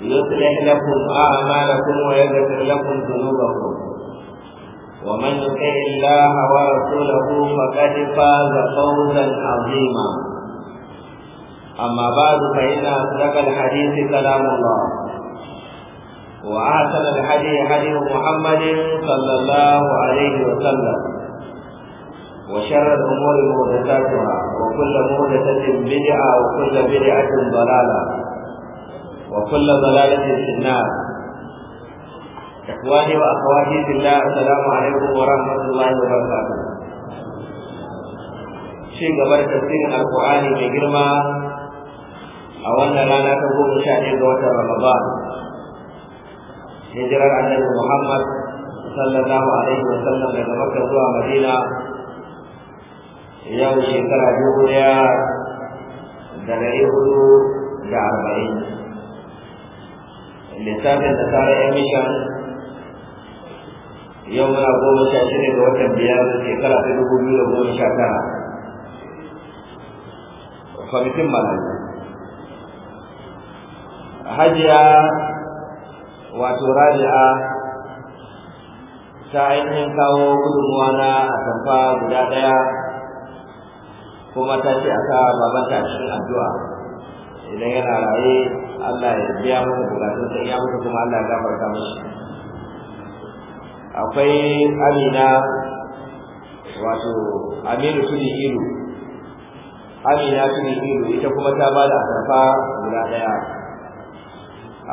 يصلح لكم أعمالكم ويغفر لكم ذنوبكم ومن يطع الله ورسوله فقد فاز فوزا عظيما أما بعد فإن أصدق الحديث كلام الله وأحسن الحديث حديث محمد صلى الله عليه وسلم وشر الأمور محدثاتها وكل محدثة بدعة وكل بدعة ضلالة وكل ضلالة في النار إخواني وأخواتي في الله السلام عليكم ورحمة الله وبركاته شيء قبل تفسير القرآن بجرمة أو أن لا نتبوك شأن قوة رمضان هجرة النبي محمد صلى الله عليه وسلم daga Makka zuwa Madina yau shekara dubu ɗaya da ɗari hudu da arba'in lissafin da tsara yan mishan yau muna goma sha shida ga watan biyar da shekara ta dubu biyu da goma sha tara kwamitin malamu hajiya wato rabi'a ta ainihin kawo gudunmuwa na atamfa guda ɗaya kuma ta ce a sa babanta cikin addu'a idan yana raye Allah ya biya masa bukatun sa ya mutu kuma Allah ya gafarta mashi akwai Amina wato Aminu Sudi Ilu Amina Sudi Ilu ita kuma ta ba da atamfa guda daya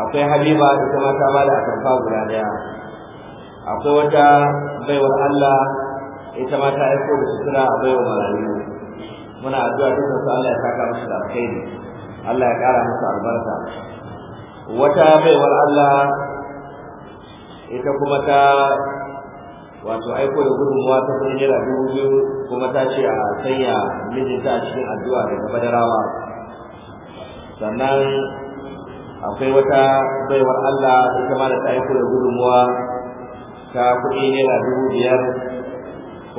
akwai Habiba ita kuma ta ba da atamfa guda daya akwai wata wa Allah ita ma ta aiko da sutura a baiwar marayu muna addu'a dukkan su Allah ya saka musu da alkhairi Allah ya kara musu albarka wata baiwar Allah ita kuma ta wato aiko da gudunmuwa ta sun naira dubu biyu kuma ta ce a sanya mijinta a cikin addu'a daga badarawa sannan akwai wata baiwar Allah ita ma da ta aiko da gudunmuwa ta kuɗi naira dubu biyar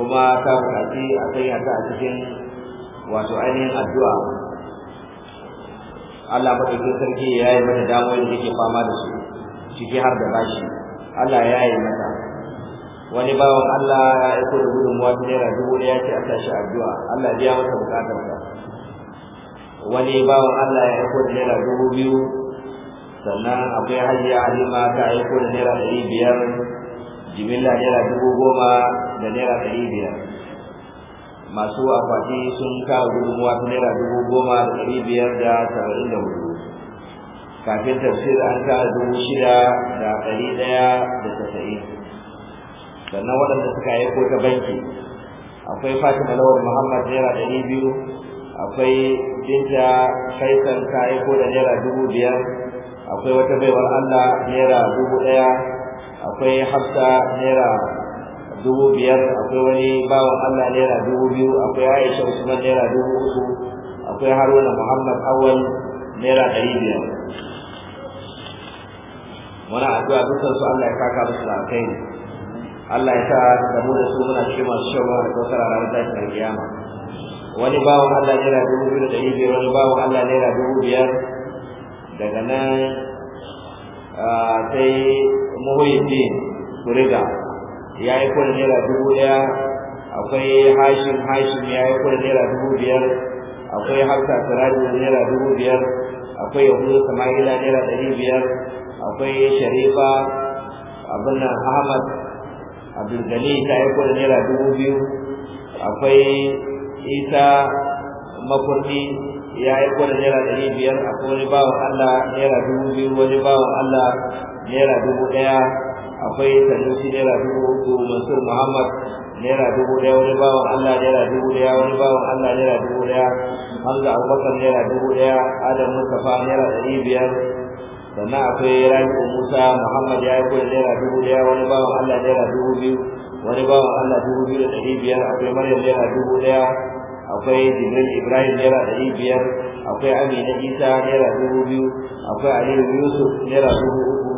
kuma ta buƙaci a sanya ta a cikin wato ainihin addu'a Allah madaukin sarki ya yi mata damuwa da take fama da su ciki har da bashi Allah ya yi mata wani bawan Allah ya aiko da gudunmuwa ta naira dubu da ya ce a tashi addu'a Allah ya mata bukatar ta wani bawan Allah ya aiko da naira dubu biyu sannan akwai a halima ta aiko da naira ɗari biyar jimilla naira dubu goma da naira ɗari biyar masu akwati sun kawo gudunmuwa ta naira dubu goma da ɗari biyar da saba'in da hudu kafin tafsir an kawo dubu shida da ɗari ɗaya da tasa'in sannan waɗanda suka yi ko ta banki akwai fatima lawar muhammad naira ɗari biyu akwai binta faisal ta aiko da naira dubu biyar akwai wata baiwar allah naira dubu ɗaya akwai hafsa naira dubu biyar akwai wani bawan Allah naira dubu biyu akwai Aisha Usman naira dubu uku akwai Haruna Muhammad Awal naira ɗari biyar muna addu'a dukkan su Allah ya kaka musu alkhairi Allah ya sa da mu da su muna cikin masu shan ruwa da kawtar a ranar tashin kiyama wani bawan Allah naira dubu biyu da ɗari biyar wani bawan Allah naira dubu biyar daga nan ah, sai muhuyiddin kuriga ya yi kuɗin naira dubu ɗaya akwai hashim hashim ya yi kuɗin naira dubu biyar akwai hafsa na naira dubu biyar akwai yahudu sama'ila naira ɗari biyar akwai sharifa abin nan ahmad abdulgani ta yi kuɗin naira dubu biyu akwai isa makurdi ya yi kuɗin naira ɗari biyar akwai wani bawan allah naira dubu biyu wani bawan allah naira dubu ɗaya akwai sanusi naira dubu uku mansur muhammad naira dubu daya wani bawan allah naira dubu daya wani bawan allah naira dubu daya hamza abubakar naira dubu daya adam mustapha naira ɗari biyar sannan akwai rabi'u musa muhammad ya yi da naira dubu daya wani bawan allah naira dubu biyu wani bawan allah dubu biyu da ɗari biyar akwai maryam naira dubu daya akwai jibril ibrahim naira ɗari biyar akwai amina isa naira dubu biyu akwai aliyu yusuf naira dubu uku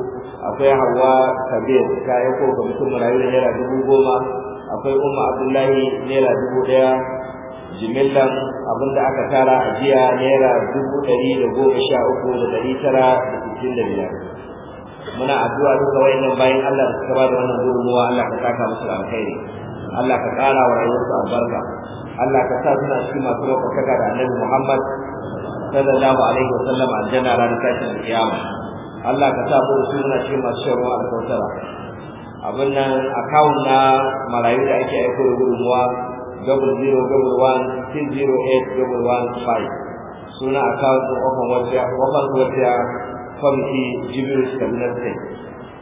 akwai hawa kabir ta yi ko ga mutum marayu da naira dubu goma akwai umma abdullahi naira dubu ɗaya jimillan abin da aka tara a jiya naira dubu ɗari da goma sha uku da dari tara da sittin da biyar muna addu'a duka wayannan bayan Allah da suka ba da wannan gudunmuwa Allah ka saka musu alkhairi Allah ka ƙara wa rayuwarsu albarka Allah ka sa suna cikin masu ɗaukaka da Annabi Muhammad sallallahu alaihi wa sallam aljanna ranar tashin kiyama Allah ka sa mu su muna cikin masu shan ruwa alkautara abin nan akawun na marayu da ake aiko da gudunmuwa double zero double one six zero eight double one five suna akawun ɗin ofan wata ofan wajiya kwamiti jibril kaduna sai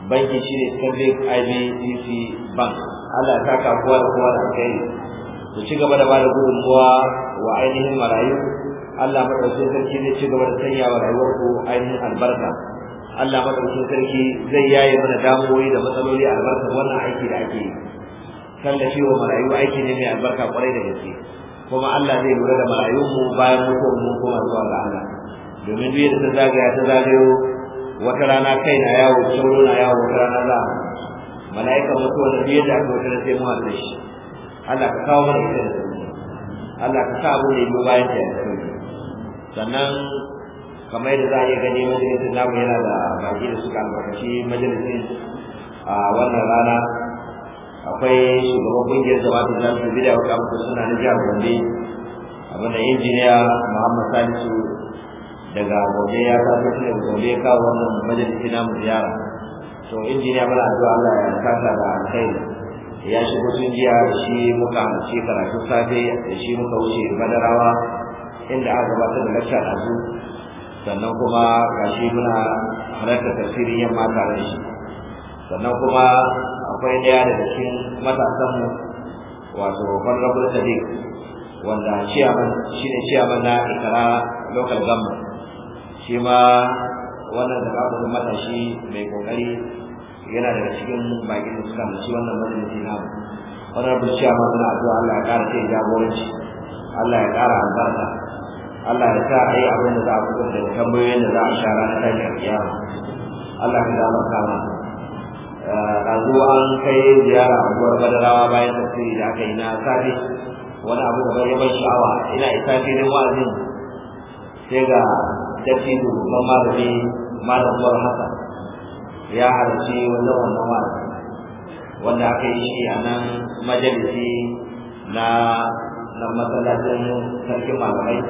banki shi ne stanbic IBDC e bank Allah ta ka kowa da kowa da kai su ci gaba da bada gudunmuwa wa ainihin marayu Allah maɗauki sarki zai ci gaba da sanya wa rayuwarku ainihin albarka Allah madaukakin sarki zai yaye mana damuwoyi da matsaloli a albarkar wannan aiki da ake yi da wa marayu aiki ne mai albarka kwarai da gaske kuma Allah zai lura da mu bayan mutuwar mu kuma zuwa ga Allah domin duk yadda ta zagaya ta zagayo wata rana kai na yawo sauro na yawo wata rana za mala'ika mutuwar da biyar da aka wata rana sai mu haɗu shi Allah ka kawo mana ita da Allah ka sa abu ne ya bayan ta ya sannan kamar yadda za a iya gani majalisin namu yana da baki da suka albarkaci majalisin a wannan rana akwai shugaban kungiyar jama'atu da su bida wa kamata suna na jihar Gombe abin da injiniya Muhammad Salisu daga Gombe ya sa shi daga Gombe ya kawo wannan majalisi namu ziyara to injiniya mana addu'a Allah ya kasa da alkhairi ya shigo sun jiya shi muka amince karatun safe da shi muka wuce madarawa inda aka gabatar da lakshar azu sannan kuma kashi muna halarta tafsirin yamma tare da shi sannan kuma akwai ɗaya daga cikin matasanmu wato farrabul sadiq wanda ciyaman shi ne ciyaman na ikara local government shi ma wannan da kakwai matashi mai kokari yana daga cikin bakin da suka mace wannan majalisi na mu farrabul ciyaman na zuwa allah ya ƙara ce jagoranci allah ya kara albarka Allah ya sa a yi abin da za a fitar da tambayoyin da za a shara na tashin kiyama Allah ya gama kama eh, ɗazu an kai ziyara a guwar badarawa bayan tafsiri da aka yi na safe wani abu da bai yaban sha'awa ina isa filin wa'azin sai ga dattijo babban malami malam Umar Hassan ya halarci wannan wannan wa'azi wanda aka yi shi a nan majalisi na na masallacin sarkin malamai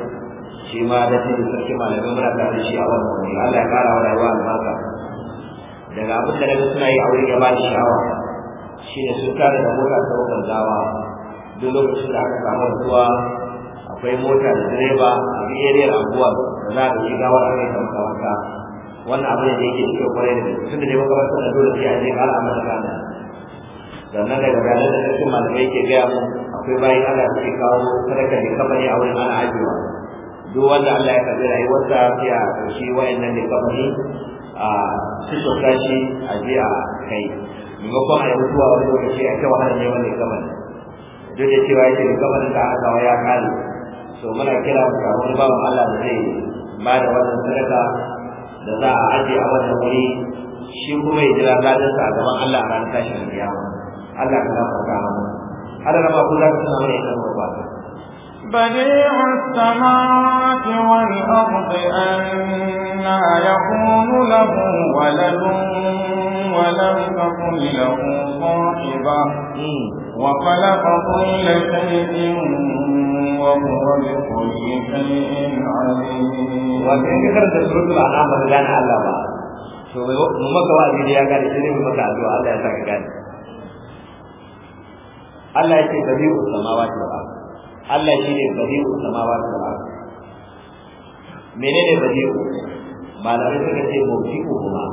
shi ma da cikin sarki malamai muna ta shi a wannan wani Allah ya kara wa rayuwa albarka daga abin da nabi suna yi a wurin ya ba sha'awa shi ne sun tare da mota ta wukan gawa duk lokacin da aka samu ruwa akwai mota da direba a biyariyar anguwar da za a ɗauki gawar a yi ta makaranta wannan abin da yake cikin kwarai da tun da ne makarantar da dole sai a je ƙara mana kana sannan daga bayanan da sarki malamai ke gaya mu akwai bayan Allah da suke kawo sadaka da kamar a wurin ana ajiyewa duk wanda Allah ya karbi rayuwarsa sai a karshe wayannan ne kamar a su soka shi a je a kai maimakon a yi mutuwa wani lokaci a ta wahala ne wani kamar duk da cewa yake ne kamar da aka kawo ya kare so muna kira mu ga wani babu Allah da zai ba da wannan sadaka da za a aje a wannan wuri shi kuma ya jira ladansa a gaban Allah a ranar tashin kiyama Allah ka gafarta Allah ya ba ku za ka tuna ne idan ba بديع السماوات والأرض أنا يكون له ولد ولم تكن له صاحبة وخلق كل شيء وهو بكل شيء عليم وكأنك كانت سورة الأنعام بدلان على بعض to mu maka wa'azi da ya gane sai mu maka addu'a Allah ya saka gane Allah ya ce tabi'u samawati wal ardh Allah shi ne sama ba wal Ba menene badi'u malamai suka ce mawdi'u kuma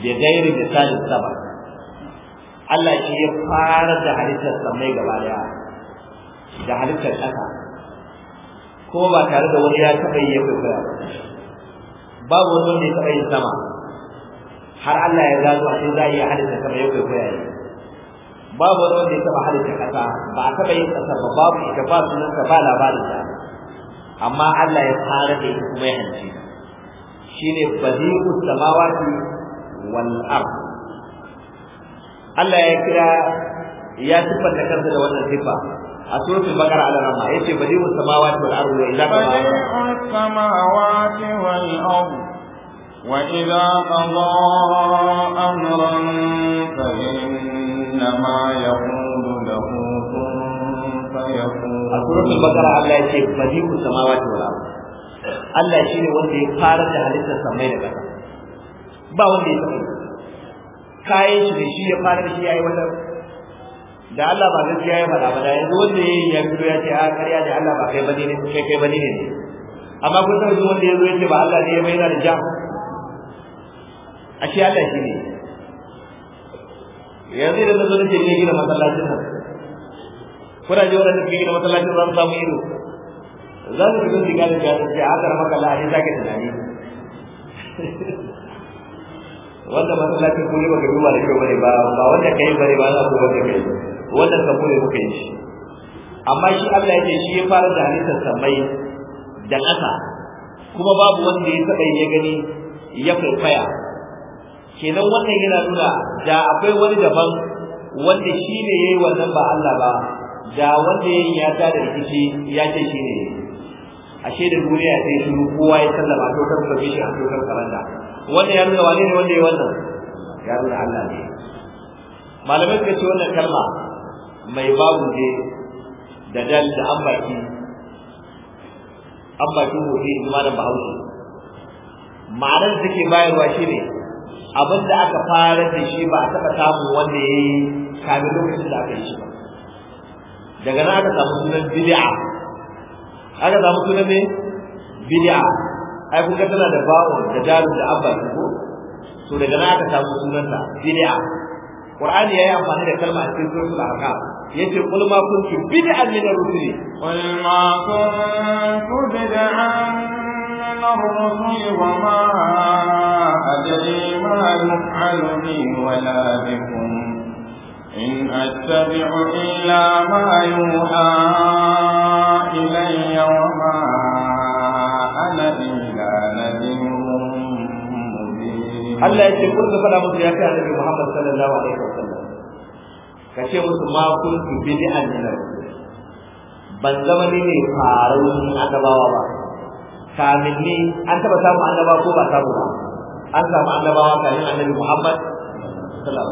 Da gairi da misalin saba. Allah shi ya fara da halittar samai gaba daya da halittar ƙasa kuma ba tare da wani ya taɓa yi ya kwaikwaya babu wani ne ya taɓa yin sama har Allah ya gano a za a iya halittar sama ya kwaikwaya ne babu wani wanda ya taba halitta kasa ba a taba yin kasa ba babu ita ba sunan ka ba labarin ta amma Allah ya fara da ita kuma ya hanci shine badi'u samawati wal ard Allah ya kira ya siffanta kansa da wannan sifa a suratul baqara ala rama yace badi'u samawati wal ardi illa badi'u samawati wal ardi wa idza qada amran fa إنما يقول له كن فيكون سورة البقرة الله يقول بديع السماوات والأرض Allah shi ne wanda ya fara da halittar samai da ƙasa ba wanda ya sani kayan shi da shi ya fara da shi ya yi wannan da Allah ba gaskiya ya faɗa ba da yanzu wanda ya yi ya fito ya ce a karya da Allah ba kai bane ne kai kai bane ne amma kun san wanda ya zo ya ce ba Allah ne ya bayyana da jam ashe Allah shi ne yanzu idan na zo nake ne gina masallacin nan kuna ji wannan nake gina masallacin za mu samu ido za yi gidan diga da jami'a ce a maka kala a za ka tunani wanda masallacin kuma ba ka duba da ba ne ba ba wanda kai ne ba za ku wanda kai wanda ka kuma ku yi shi amma shi Allah yake ce shi ya fara da halittar samai da ƙasa kuma babu wanda ya taɓa ya gani ya faya kenan wannan yana nuna da akwai wani daban wanda shi ne ya yi wannan ba Allah ba da wanda yayin ya ta da rikici ya ce shi ne ashe da duniya sai shiru kowa ya sallama to kar ku shi a tokar karanta wanda ya nuna wane ne wanda yi wannan ya nuna Allah ne malamai suka ce wannan kalma mai babu je da dal da ambaki ambaki hoto da malam bahaushe ma'anar da take bayarwa ne. abin da aka fara da shi ba a taɓa samun wanda ya yi kamin lokacin da aka yi shi ba daga nan aka samu sunan bid'a aka samu sunan ne bid'a ai kun ga tana da bawon da jarin da abba ko to daga nan aka samu sunan ta bid'a qur'ani yayi amfani da kalma a cikin suratul ahqaf yace qul ma kuntum bid'an min ar-rusuli qul ma kuntum bid'an من الرسل وما أدري ما يفعل بي ولا بكم إن أتبع إلا ما يوحى إلي وما أنا إلا نذير Allah ya ce kun ka faɗa musu ya kai annabi Muhammad sallallahu alaihi wasallam ka ce musu ma kun ku bid'an nan ban zama ni ne faru annabawa ba kaminni an taba samu annaba ko ba samu ba an samu wa kamin annabi Muhammad sallallahu alaihi wasallam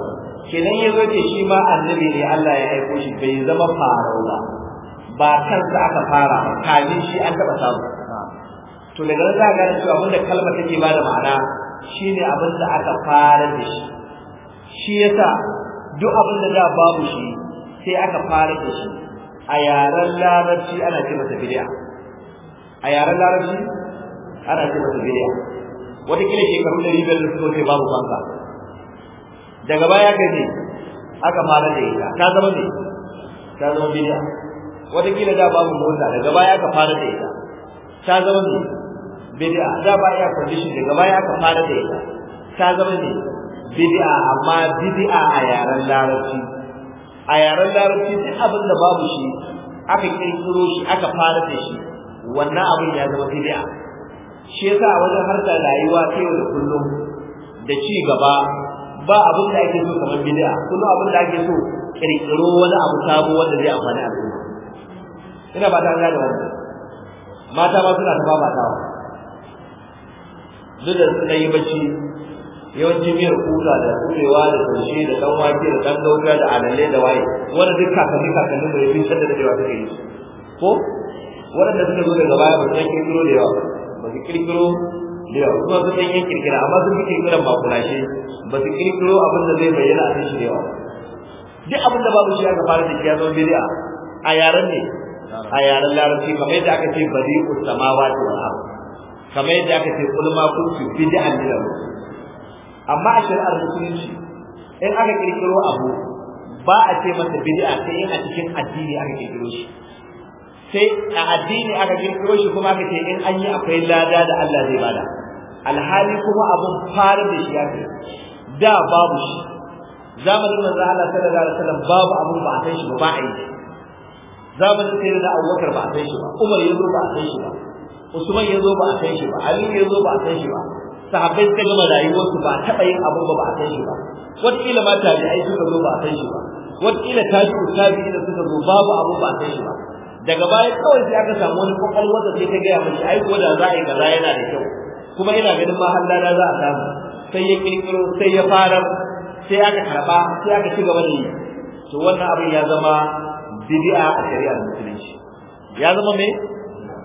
kenan yazo ce shi ma annabi ne Allah ya aiko shi bai zama farau ba ba kansa aka fara kamin shi an taba samu to daga nan za ka gane cewa abinda kalma take ba da ma'ana shine abin da aka fara da shi shi yasa duk abin da babu shi sai aka fara da shi a yaren larabci ana ce masa bid'a a yaren larabci ana ce masa bid'a watakila shekaru da biyar da suka wuce babu fanka daga baya gaji aka fara da ita ta zama ne ta zama bid'a watakila da babu mota daga baya aka fara da ita ta zama ne bidiya da ba ya condition daga baya aka fara da ita ta zama ne bidiya amma bidiya a yaren larabci a yaren larabci duk abin da babu shi aka kirkiro shi aka fara da shi wannan abin ya zama bid'a shi yasa wajen harkar rayuwa ta da kullum da ci gaba ba abin da ake so kamar bid'a kullum abin da ake so kirkiro wani abu sabo wanda zai amfani al'umma ina ba ta ga da wannan mata ba suna ta babatawa duk da suna yi bacci yawancin miyar kuka da kulewa da taushe da dan wake da dan gauta da alale da waye wanda duk kakanni kakanni mu ya fi da cewa suka yi ko waɗanda suka zo daga baya ba su san kirkiro da yawa ba su kirkiro da yawa kuma su san yin kirkira amma sun fi kirkiran makulashe ba su kirkiro abin da zai bayyana a cikin da yawa duk abin da babu shi aka fara da shi ya zama bid'a a yaren ne a yaren larabci kamar yadda aka ce bari sama samawati wal ard kamar yadda aka ce kul ma kuntu bid'an min amma a shari'ar musulunci in aka kirkiro abu ba a ce masa bid'a sai in a cikin addini aka kirkiro shi sai a addini aka kirkiro shi kuma aka ce in an yi akwai lada da Allah zai bada alhali kuma abun fara da shi ya kai da babu shi zamanin manzo Allah sallallahu alaihi wasallam babu abun ba a san shi ba ba a yi zamanin sai da Abubakar ba a san shi ba Umar ya zo ba a san shi ba Usman ya zo ba a san shi ba Ali ya zo ba a san shi ba sahabbai suka gama rayuwarsu ba taɓa yin abun ba ba a san shi ba wataƙila ma tabi'ai suka zo ba a san shi ba wataƙila tabi'u tabi'ina suka zo babu abun ba a san shi ba daga baya kawai sai aka samu wani kwakwalwa da sai ta gaya mashi ai ko da za a yi kaza yana da kyau kuma ina ganin ma har lada za a samu sai ya kirkiro sai ya fara sai aka karba sai aka ci gaba da yi to wannan abin ya zama bid'a a shari'ar musulunci ya zama me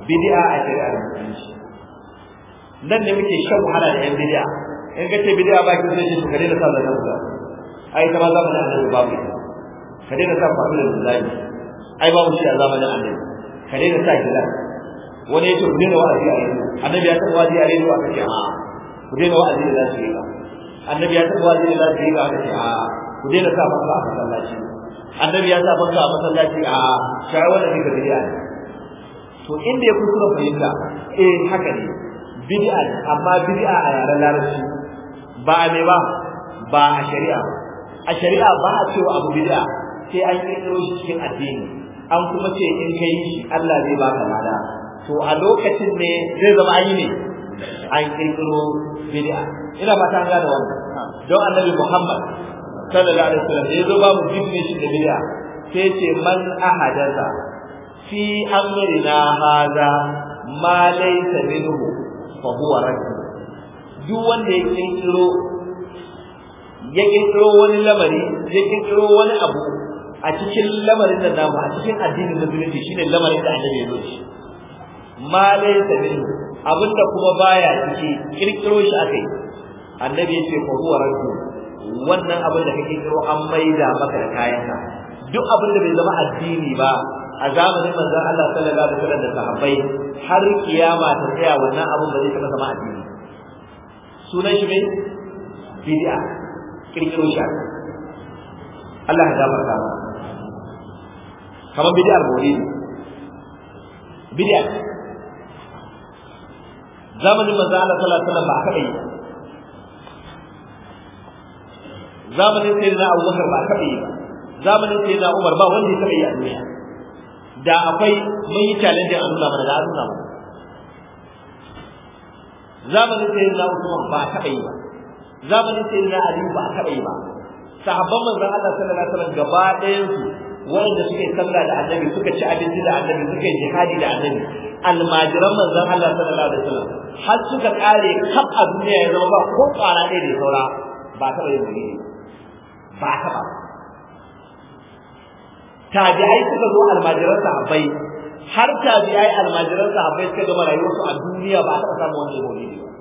bid'a a shari'ar musulunci nan ne muke shan wahala da yan bid'a in ka ce bid'a ba ki zai ki kare da sallar nan ai ta za mu da babu ka daina sa ku abin da zai ai babu shi a zamanin annabi ka daina sa gilas wani ya ce ku dinga wa'azi a yanzu annabi ya taɓa wa'azi a yanzu aka ce a ku daina wa'azi da za su yi ba annabi ya taɓa wa'azi da za su yi ba aka ce a ku daina sa banka a masallaci annabi ya sa banka a masallaci a shawar da kika bidiya ne to inda ya kusura fahimta eh haka ne bid'a amma bid'a a yaran larabci ba a ne ba ba a shari'a a shari'a ba a cewa abu bid'a sai an kirkiro shi cikin addini an kuma ce in kai shi Allah zai baka lada to a lokacin ne zai zama ayi ne an kirkiro bid'a ina ba ta gane wannan don annabi Muhammad sallallahu alaihi wasallam ya zo babu jinni shi da bid'a sai ce man ahadatha fi amrina hada ma laysa minhu fa huwa rajul duk wanda ya kirkiro ya kirkiro wani lamari ya kirkiro wani abu a cikin lamarin da namu a cikin addinin musulunci shine lamarin da annabi ya zo shi ma laysa abin da kuma baya ciki kirkiro shi akai annabi ya ce fa huwa raddu wannan abin da kake kiro an maida maka da kayanka duk abin da bai zama addini ba a zamanin manzon Allah sallallahu alaihi wasallam da sahabbai har kiyama ta tsaya wannan abin ba zai taba zama addini sunan shi mai bid'a kirkiro shi Allah ya gafarta kamar bid'ar maulidi bid'a zamanin manzo Allah sallallahu alaihi wasallam ba haka yi zamanin sayyidina Abu ba haka yi zamanin sayyidina Umar ba wanda ya taba yi a duniya da akwai mun yi challenge a nuna mana da an zamanin sayyidina Usman ba haka yi ba zamanin sayyidina Ali ba haka yi ba sahabban manzo Allah sallallahu alaihi wasallam gaba ɗayan su waɗanda suka yi sallah da annabi suka ci abinci da annabi suka yi jihadi da annabi almajiran manzon Allah sallallahu alaihi wasallam har suka kare kaf a duniya ya zama ba ko kwara ɗaya da saura ba ta yin wuri ba ta ba. tabi'ai suka zo almajiran sahabbai har tabi'ai almajiran sahabbai suka gama su a duniya ba ta samu wani maulidi ba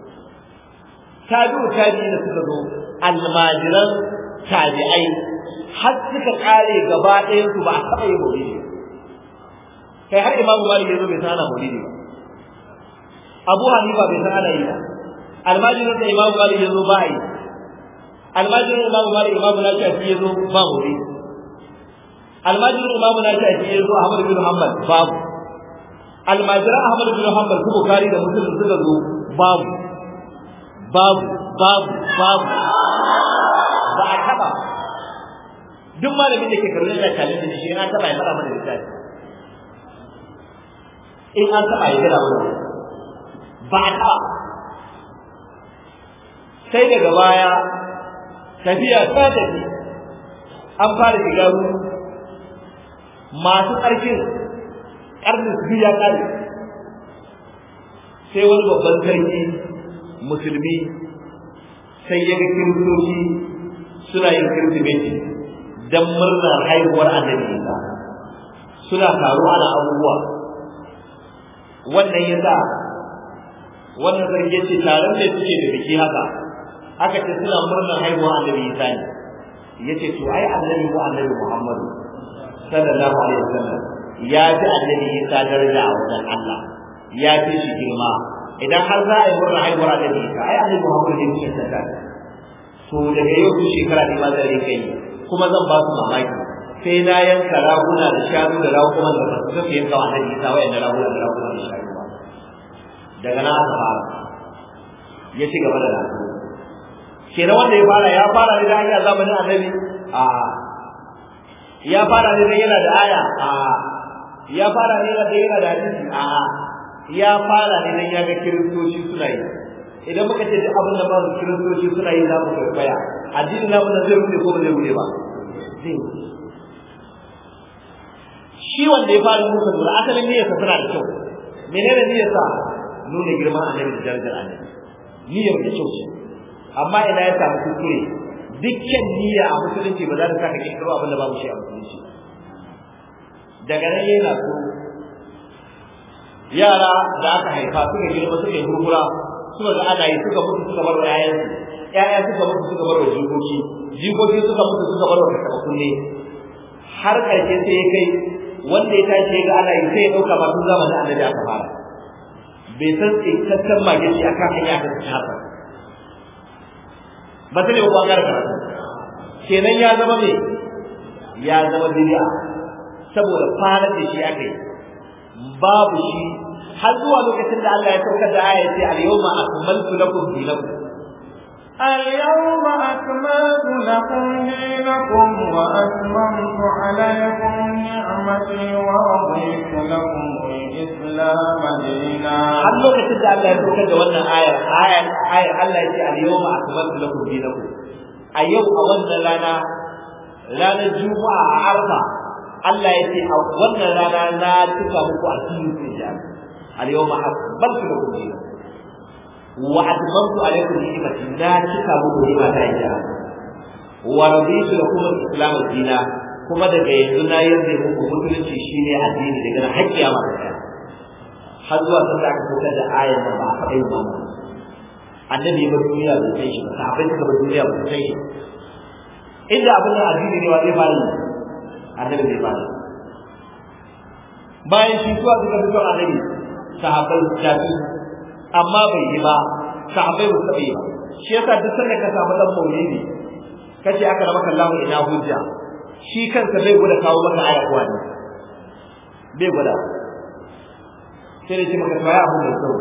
tabi'u tabi'i da suka zo almajiran tabi'ai har suka kare gaba ɗaya su ba a taɓa yin maulidi kai har imamu malik yazo bai san ana maulidi ba abu hanifa bai san ana yi ba almajirin da imamu malik yazo ba yi almajirin imamu mali imamu na shafi yazo ba maulidi almajirin imamu na shafi yazo Ahmadu bin muhammad babu almajiran Ahmadu bin muhammad su bukari da musulun suka zo babu babu babu babu ba a taɓa duk malamin da ke karo yana kalli da shi yana taɓa ya fara mana littafi in an taɓa ya gara mana ba a taba sai daga baya tafiya ta tafi an fara shiga masu ƙarfin ƙarfin su ya ƙare sai wani babban sarki musulmi sai ya ga kiristoci suna yin kirsimeti dan murnar haihuwar annabi Isa suna taruwa na abubuwa wannan yasa wannan sarki ce taron da suke da biki haka aka ce suna murnar haihuwar annabi Isa ne yace to ai annabi ko annabi Muhammadu sallallahu alaihi wasallam ya ji annabi Isa daraja a wajen Allah ya fi shi girma idan har za a yi murnar haihuwar annabi Isa ai annabi Muhammadu ne ke tsada to daga yau shekara ne ma zai kai kuma zan ba su mamaki sai na yanka raguna da shanu da ragunan da ba su kafa yanka wa annabi isa wa yanka raguna da ragunan da shanu ba daga na aka fara ya ci gaba da ragu kenan wanda ya fara ya fara ne da hanyar zamanin annabi a ya fara ne da yana da aya a ya fara ne da yana da hadisi a ya fara ne da ya ga kiristoci suna yi idan muka ce duk abin da ba su kiristoci suna yi zamu kwaikwaya addinin namu na zai rufe ko ba zai rufe ba zai shi wanda ya fara musu lura asalin niyyarsa suna da kyau menene niyyarsa nuna girman annabi da jarjar annabi niyyar da kyau ce amma ina ya samu kuskure dukkan niyya a musulunci ba za ta saka kirkiro abin da babu shi a musulunci daga nan yana so yara da aka haifa suka girma suka yi hurhura suka ga ana yi suka mutu suka bar su ƴaƴa suka mutu suka bar jikoki jikoki suka mutu suka bar kasaba ne. har karshe sai ya kai wanda ya tashi ga ana yi sai ya dauka ba tun zamanin annabi aka fara bai san tsinkakken magani akan hanya ta tsaka ba sai ba bangaren karatu kenan ya zama me ya zama bid'a saboda fara da shi aka yi babu shi har zuwa lokacin da Allah ya saukar da aya ce al-yawma akmaltu lakum dinakum al-yawma akmaltu lakum dinakum wa atmamtu alaykum ni'mati wa raditu lakum al-islama dinan har lokacin da Allah ya saukar da wannan aya aya aya Allah ya ce al-yawma akmaltu lakum dinakum a yau a wannan rana ranar juma'a a arfa Allah ya ce a wannan rana na cika muku a cikin jami'a al-yawma akmaltu lakum dinakum wa atmamtu alaykum ni'mati na cika muku ni'ma ta ita wa raditu lakum al-islam dina kuma daga yanzu na yarda muku musulunci shine addini daga nan hakki ya mata har zuwa sun da aka fitar da da ba duniya ba sahabbai shi inda abin da addini ne wa zai annabi zai bayan shi zuwa duka fito annabi sahabbai tafi amma bai yi ba sahabbai ba yi ba shi yasa duk sanda ka samu dan ne kace aka raba kallahu ina hujja shi kansa bai gwada kawo maka aya kuwa ne bai gwada sai dai maka ya abu mai kyau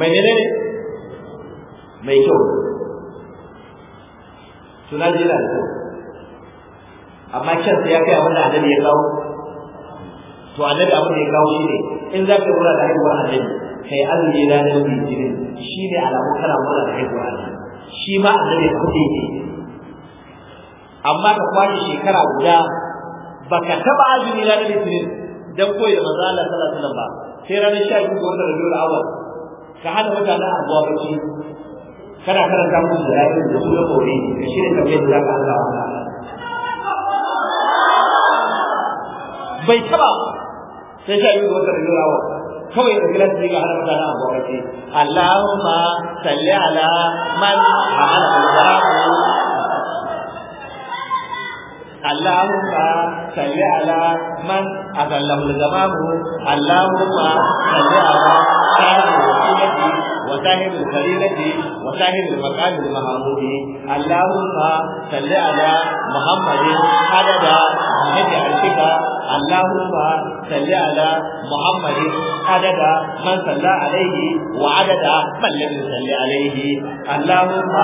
mai ne mai kyau tunaji da su amma kyan ya kai abin da ya kawo to annabi abin da ya kawo shi ne in za ka wura da haihuwar annabi kai azumi da nan bi jini shi ne alamun kana wura da haihuwar annabi shi ma annabi ya kuɗe ne amma ka kwashe shekara guda baka taba azumi da nan bi dan koyi da manzo Allah sallallahu alaihi wasallam ba sai ranar sha 12 ga watan Rabiul Awwal ka hada mutanen anguwa bacci kana karanta musu da yayin da su kore ka shirya ka kafin da ka Allah bai taba sai sha biyu ga wata rabiul kawai da gilas ne ga haramta na abokaci Allahumma salli ala man hamala al وصاحب الفريضة وصاحب المقام المحمود اللهم صل على محمد عدد مد عرشك اللهم صل على محمد عدد من صلى عليه وعدد من لم يصلي عليه اللهم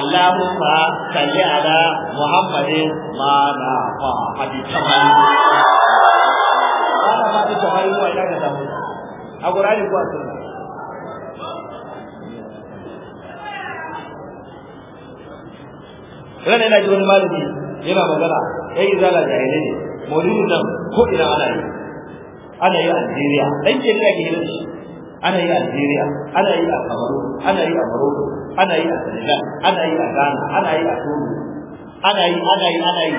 اللهم صل على محمد ما نافع حديث ba da tawayi wa ina ka samu a qur'ani ko a sunna ran ina ji wani malami yana magana yayi zala jahilai ne maulidin nan ko ina ana yi ana yi a Algeria dan ke ne ake hirin shi ana yi a Algeria ana yi a Kamaru ana yi a Morocco ana yi a Senegal ana yi a Ghana ana yi a Togo ana yi ana yi ana yi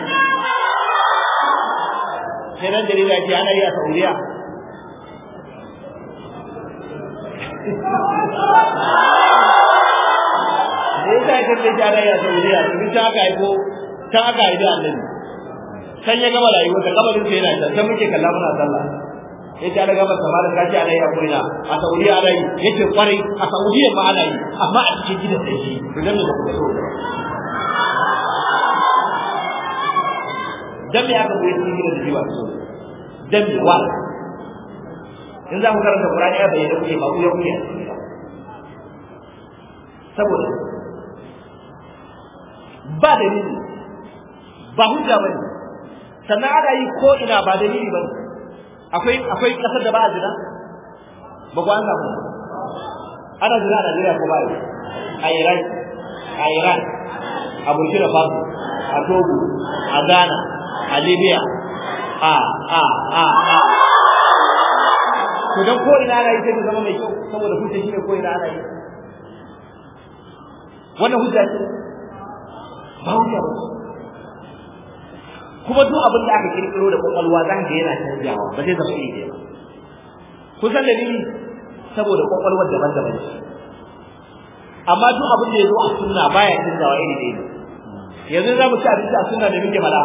sai nan jarida ce ana yi a saudiya da ya sai kan da ana yi a saudiya domin ta aka haifo ta aka haifi annabi san ya gama rayuwa ta kamarin sai yana can muke kalla muna sallah yace ana gama sama da kashi ana yi a kurina a sauriya ana yi yace kwarai a sauriya ma ana yi amma a cikin gidan sai shi to dan da ku da dan me aka koyi cikin da jiba so dan me wa in za mu karanta Qur'ani ya bayyana kuke ba ku ya kuke saboda ba da ni ba hujja ba ne sannan ana yi ko ina ba da ni ba akwai akwai kasar da ba a jira ba ku an samu ana jira a Najeriya ko ba a Iran a Iran a Burkina Faso a Togo a Ghana a libya a ah, a ah, a ah, a to dan ko ina ana yi sai zama mai kyau saboda hujja shi ne ko ina ana yi wannan hujja ce ba hujja ba kuma duk abin da aka kirkiro da kwakwalwa zan ka yana canjawa ba zai zama iri ba kusan ni saboda kwakwalwar daban-daban ce amma duk abin da ya zo a sunna baya canjawa iri ɗaya yanzu za mu ci abinci a sunna da muke mala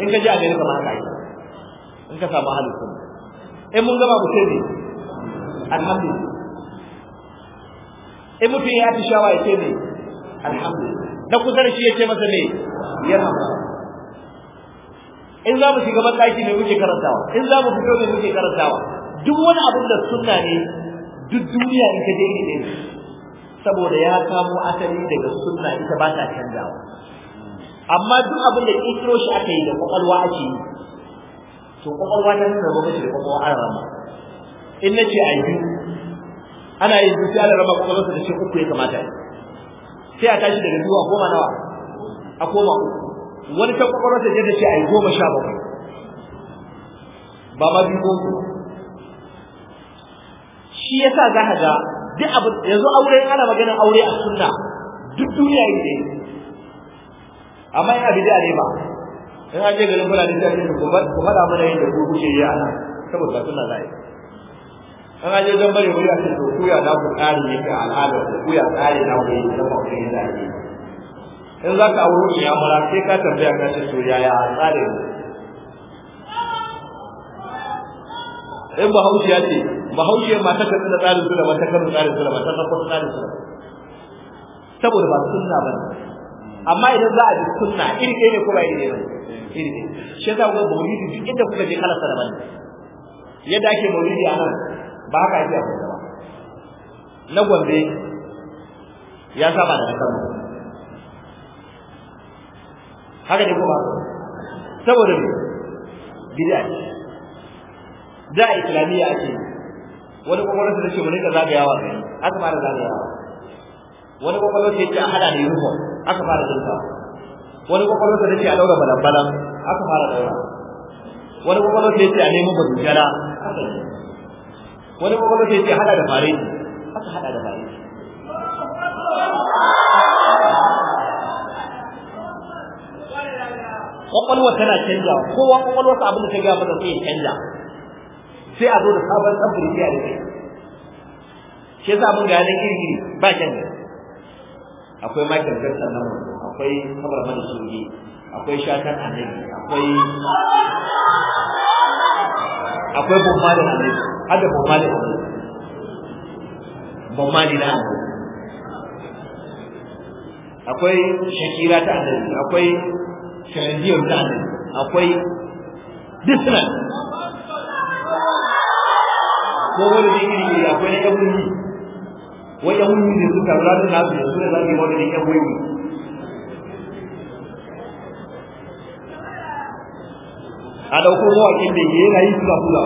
in ka ji a gari kamar haka in ka samu ahlus sunna in mun gaba mu sai ne alhamdulillah in mutum ya shawa ya ce ne alhamdulillah na kusa da shi ya ce masa ne yarhamu in za mu shiga mataki ne muke karantawa in za mu fito ne muke karantawa duk wani abin da sunna ne duk duniya in ka je ne saboda ya kamo asali daga sunna ita ba ta canjawa amma duk abin da kiro shi aka yi da kwakwalwa ake yi to kwakwalwa ta nuna ba da kwakwalwa a rama in na ce a yi ana yin zuci ana rama kwakwalwarsa da ce uku ya kamata sai a tashi daga zuwa goma nawa a koma wani ta kwakwalwarsa ce ta ce a yi goma sha bakwai ba ma bi goma shi yasa za ka ga duk abin yanzu aure ana maganin aure a sunna duk duniya yi dai. amma yana bid'a ne ba in an je garin fulani sai an ku ko ku fada mana yadda ku kuke yi ana, saboda sunna zai an an je zambare wuri a cikin ku ya na ku tsari ne ga al'ada ku ya tsari na ku yi da ku yi da in za ka auro ni ya mara sai ka tambaya ka ce to yaya a tsarin in bahaushe ya ce bahaushe mata ka tsina tsarin su da mata ka tsarin su da mata ka tsarin su saboda ba sunna ba ne amma idan za a bi sunna iri ɗaya ne ko ba iri ɗaya ba iri ne shi yasa kuka maulidi duk inda kuka je kala da bane yadda ake maulidi a nan ba haka ake a kusa ba na gombe ya saba da kano haka ne kuma saboda me bid'a ce da islamiyya ake wani kokarin da ce mun ka zagayawa gari aka fara zagayawa wani kokarin da ce a hada da uniform aka fara dinka wani kwakwalwar ta ce a daura balambalan aka fara daura wani kwakwalwar ta ce a nemo bazujara aka yi wani kwakwalwar ta ce hada da fare aka hada da fare kwakwalwa tana canja kowa kwakwalwa ta abin da ta gaya mata sai ya canja sai a zo da sabon tsabiri sai a rufe shi yasa mun ga yanar iri ba canja akwai Michael Jackson na mu akwai Kamar mana Sungi akwai Shatan Annabi akwai akwai Bob Annabi hada Bob Marley Annabi Bob Marley akwai Shakira ta Annabi akwai Celine ta Annabi akwai Disney ko wani ne akwai na Ebony wai yan wuyu ne suka ranar su yanzu ne za ke yi maganin yan wuyu a ɗauko ke da yana yi kula kula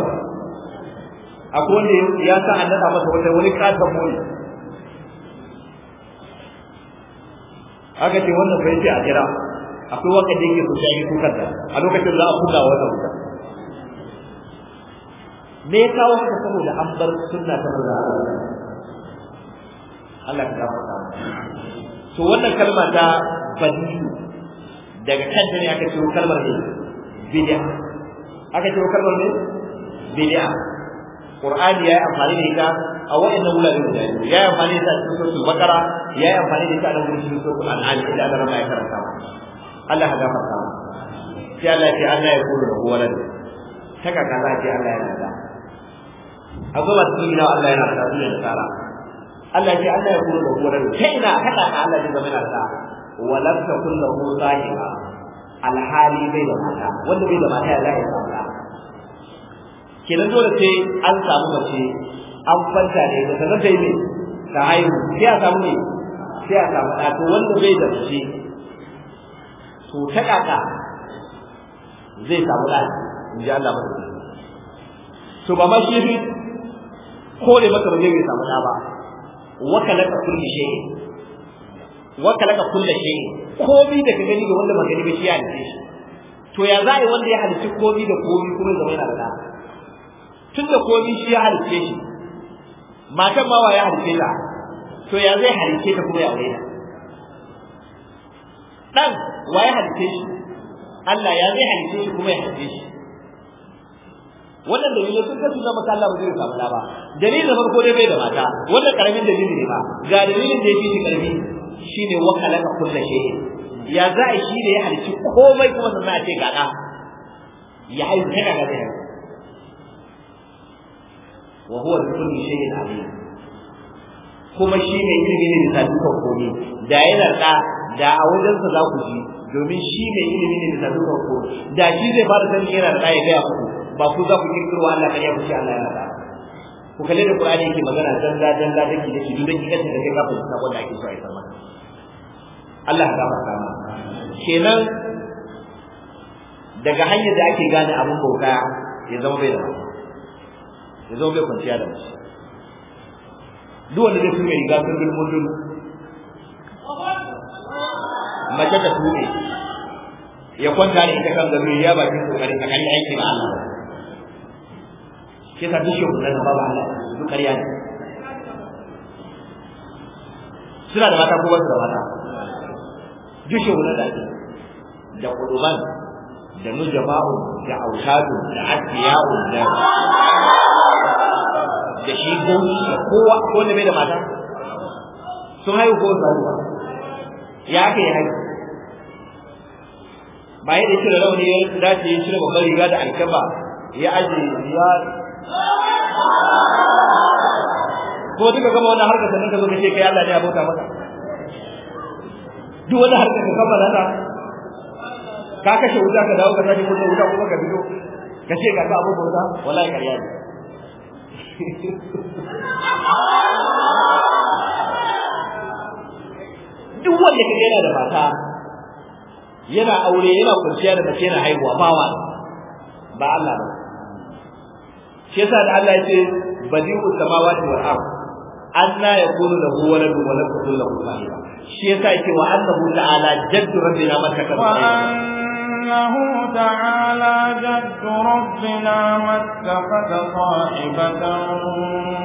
akwai da ya sa an nada masa wata wani ƙasar mori aka ce wannan bai ce a jira akwai waka da yake sosai yi kukan da a lokacin za a kula wannan wuta me ya kawo ka saboda an bar suna ta Allah Allah ka gafarta to wannan kalma ta badilu daga kan ne aka ciro kalmar ne bid'a aka ciro kalmar ne bid'a Qur'ani ya yi amfani da ita a wa'annan wuraren da ya yi amfani da ita a cikin suratul bakara, ya yi amfani da ita a wurin gurin cikin suratul An'am inda Allah rama ya karanta Allah ka gafarta mu sai Allah ya Allah ya kula da wannan saka kaka za ce Allah ya nada akwai masu yi na Allah ya nada ne da tsara Allah ya ce Allah ya kula da gonar ta ina hada ka Allah ya zama nasa walam takun lahu al alhali bai da mata wanda bai da mata ya zai samu kenan dole sai an samu mace an fanta ne da sanar da ne ta haihu sai a samu ne sai a samu ɗa to wanda bai da shi to ta kaka zai samu da in ji Allah mutum to ba ma shi ko ne maka ba zai samu da ba wakalaka kulli shay wakalaka kulli shay komai da ka gani wanda magani ba shi ya halice shi to ya za wanda ya halice komai da komai kuma zama yana da tun da komai shi ya halice shi matan wa ya halice ta to ya zai halice ta kuma ya aure ta dan wa ya halice shi Allah ya zai halice shi kuma ya halice shi wannan dalilin duk kasu na maka Allah ba zai samu ba dalilin farko dai bai da mata wannan karamin dalili ne ba ga dalilin da yake shi karami shine wa khalaqa kullu shay'in ya za a shi ne ya halci komai kuma sannan a ce ga da ya haihu kana ga da wa huwa bi kulli shay'in alim kuma shi ne ilimi ne da dukan komai da yana da da a wajen sa za ku ji domin shi ne ilimi ne da dukan komai da shi zai fara sanin yana da ya ga ku ba ku za ku kirkiro Allah kariya ku ce Allah ya da ku kalle da Qur'ani yake magana dan da take dake duk dake kace da kai ka fahimta sabon da ake so a yi sama Allah ya gafarta ma kenan daga hanyar da ake gane abun bauta ya zama bai da ba ya zama bai kwanciya da mace duk wanda zai tume riga sun bin mutum mace ta tume ya kwanta ne ita kan gado ya bakin kokarin kai aiki ba Allah shi ka dushe ku zana babu Allah su karya ne suna da mata ko ba su da mata dushe da zana da kuduban da nujaba'u da autadu da asiya'u da da shi gauci da kowa ko wanda bai da mata sun haihu ko zaruwa ya aka yi haihu ba yadda shi da rauni ya dace ya shirya babbar riga da alkaba ya aje ya ko duka gama wannan harkar sannan ka zo ka ce kai Allah ne abota maka duk wani harkar ka kammala ta ka kashe wuta ka dawo ka tafi ko wuta kuma ka bido ka ce ka ga abubuwa wuta wallahi kariya ne duk wanda ka yana da mata yana aure yana kurciya da mace yana haihuwa bawa ba Allah ba shi yasa da Allah yace badi'u samawati wal ard anna yakunu lahu waladun wa lam takun lahu sahiba shi yasa yake wa annahu ta'ala jaddu rabbina matakalla wa annahu ta'ala jaddu rabbina matakalla sahibatan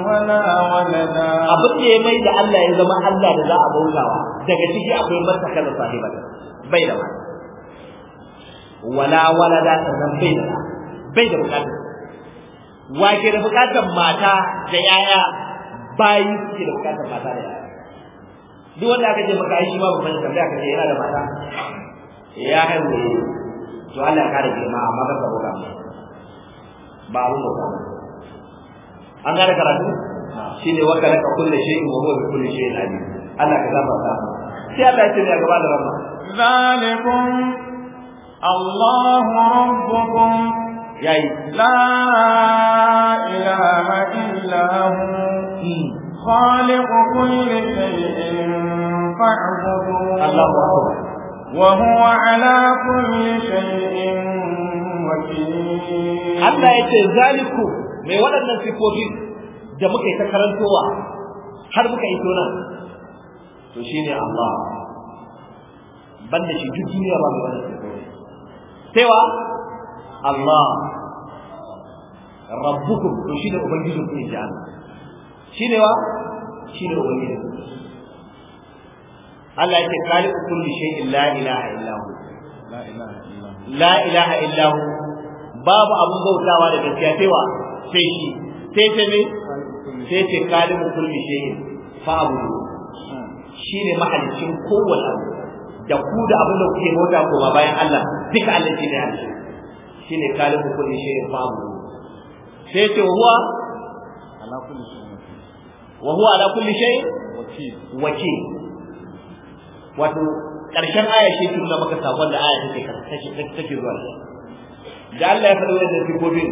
wala walada abin da ya mai da Allah ya zama Allah da za a bautawa daga ciki akwai matakalla sahibatan bai da wala walada sannan bai da bai da bukatar wa ke da bukatar mata da yaya bayi ke da bukatar mata da yaya duk wanda aka ce maka shi ma ba mai tambaya ka ce yana da mata eh, ya kai mu to Allah ka rage ma amma ka tsaro ka ba abun da an gane karatu shine wa kana ka kullu shi, wa huwa bi kulli shay'in alim Allah ka zaba ta sai Allah ya ce ya gaba da rama zalikum Allahu rabbukum yayi la ilaha illa hu khaliqu kulli shay'in fa'buduhu Allahu akbar wa huwa ala kulli shay'in wakeel Allah yace zaliku mai waɗannan sifofi da muka yi ta karantowa har muka yi tona to shine Allah banda shi duk duniya ba mai wannan sifofi sai wa Allah rabbukum to shi ne ubangijin ku inji Allah shi ne wa shi ne ubangijin Allah yake khaliqu kulli shay'in la ilaha illa hu la ilaha illa hu babu abun bautawa da gaskiya sai wa sai shi sai ta ne sai ta khaliqu kulli shay'in fa abu shi ne mahalicin kowanne abu da ku da abin da kuke bauta ko bayan Allah duka Allah shi ne shi ne khaliqu kulli shay'in fa abu sai ce huwa ala kulli shay'in wa huwa ala kulli shay'in wakil wakil wato karshen aya shi ke nuna maka sabon da aya take take take zuwa da Allah ya faɗi wannan sifofin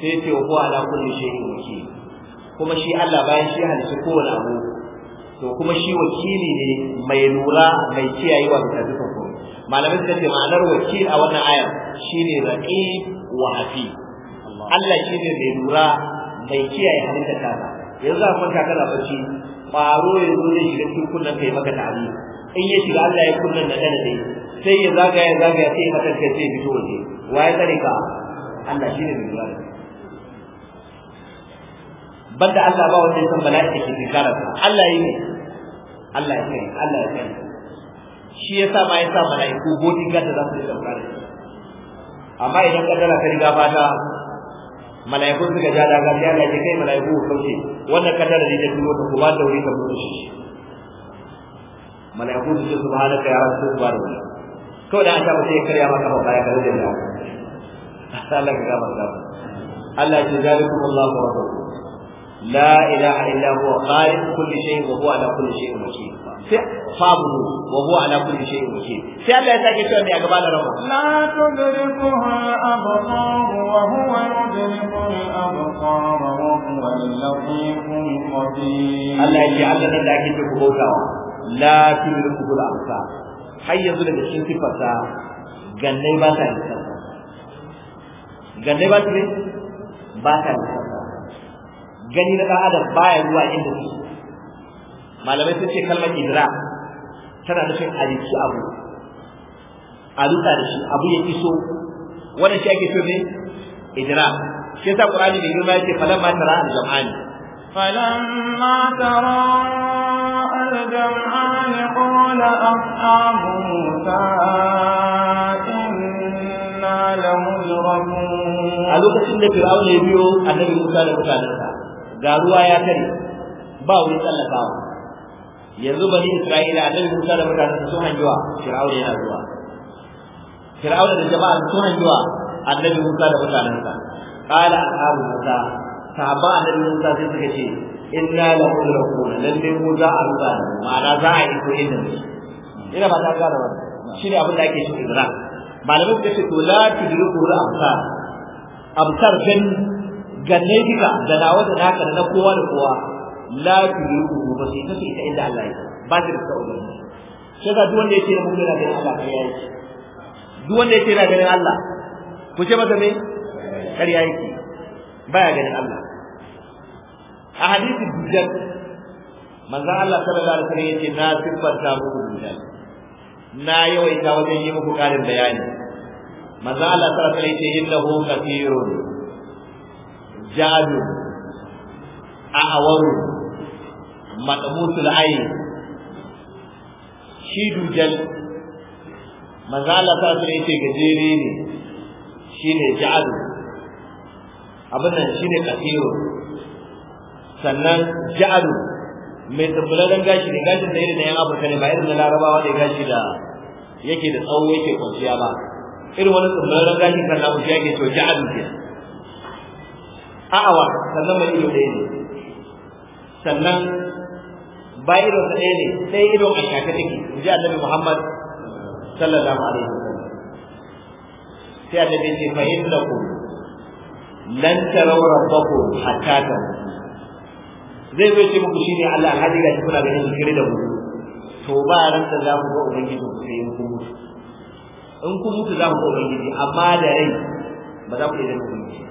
sai ce huwa ala kulli shay'in wakil kuma shi Allah bayan shi halitta kowane abu to kuma shi wakili ne mai lura mai kiyayewa da dukkan komai Malamin suka ce ma'anar wakil a wannan ayar shine raqib wa hafiz Allah shi ne mai lura mai kiyaye halitta ta yanzu za kwanta kana bacci faro ya zo zai shiga cikin kunnen kai maka tare in ya shiga Allah ya kunnen da dana dai sai ya zaga ya ya sai maka kai sai fito waje waye kare ka Allah shi ne mai lura da banda Allah ba wanda ya san bala'i da ke tsara Allah yi ne Allah ya kai Allah ya kai shi yasa ma yasa mala'iku godin gata za su yi da amma idan kadara ka riga fata mala'iku suka ja da gaskiya Allah ya kai mala'iku ku kauce wannan kadara ne da kuma ta kuma da wuri ta mutu shi mala'iku su ce subhanaka ya rabbi subhanaka kawai da an ta sai karya maka ba ya kare da Allah Allah ka gama ka Allah ya jazakumullahu wa rabbukum la ilaha illa huwa khaliq kulli shay'in wa huwa ala kulli shay'in wakeel وهو على كل شيء وكيل sai Allah ya sake cewa mai a gaba da rama la tudrikuhu al-absar wa huwa yudriku al-absar wa huwa al-latiful qadir Allah ya ce Allah nan da ake ku daga ba gani na dan baya zuwa inda su malamai sun ce kalmar idra tana nufin aliki abu a duka da shi abu ya iso wannan shi ake so ne idra shi yasa qur'ani mai girma yake falamma tara al-jam'ani falamma tara الجمعان قال أصحاب موسى إنا لمدركون. ألوك سنة فرعون يبيو النبي da لمتعلقها. ga ruwa ya tare ba wurin tsallakawa yanzu bani isra'ila dan musa da mutanen su sun hanjuwa fir'auna yana zuwa fir'auna da jama'a sun hanjuwa annabi musa da mutanen sa qala ashabu musa sahaba annabi musa sai suka ce inna la mudrakuna lan bi za a ma ma'ana za a yi inda ne ina ba ta da wannan shine abin da ake shi idrak Malamin ka ce to la tudriku al Amsar absar gani ganne duka da nawa da naka da kowa da kowa la tuliku ba sai kace ta inda Allah ya ba shi da shi sai ga duwanda yake mun gina da Allah ya yi yayi duwanda yake na ganin Allah ku ce masa me kar yayi baya ganin Allah a hadisi dujjal manzon Allah sallallahu alaihi wasallam yake na siffanta muku dujjal na yawaita wajen yi muku karin bayani manzon Allah sallallahu alaihi wasallam yace innahu kathirun jadu a awaru matsamusul ayin shi dujal mazala ta sai ce gajere ne shi ne jadu abin nan shi ne kasiru sannan jadu mai tumbulalan gashi ne gashi da irin na yan abu ne ba irin na larabawa ne gashi da yake da tsawo yake kwanciya ba irin wani tumbulalan gashi kan namu shi yake to jadu kenan a'awa sannan mai ido ɗaya ne sannan ba ido ɗaya ne sai ido a shafe take in ji annabi Muhammad sallallahu alaihi wasallam sai annabi ce fa ku lan taraw rabbakum hatta ta zai zo ce muku shine Allah hadi ga kuna ganin shirye da mu to ba ran da za ku ga ubangiji ku sai ku mutu in ku mutu za ku ga ubangiji amma da rai ba za ku iya ganin ubangiji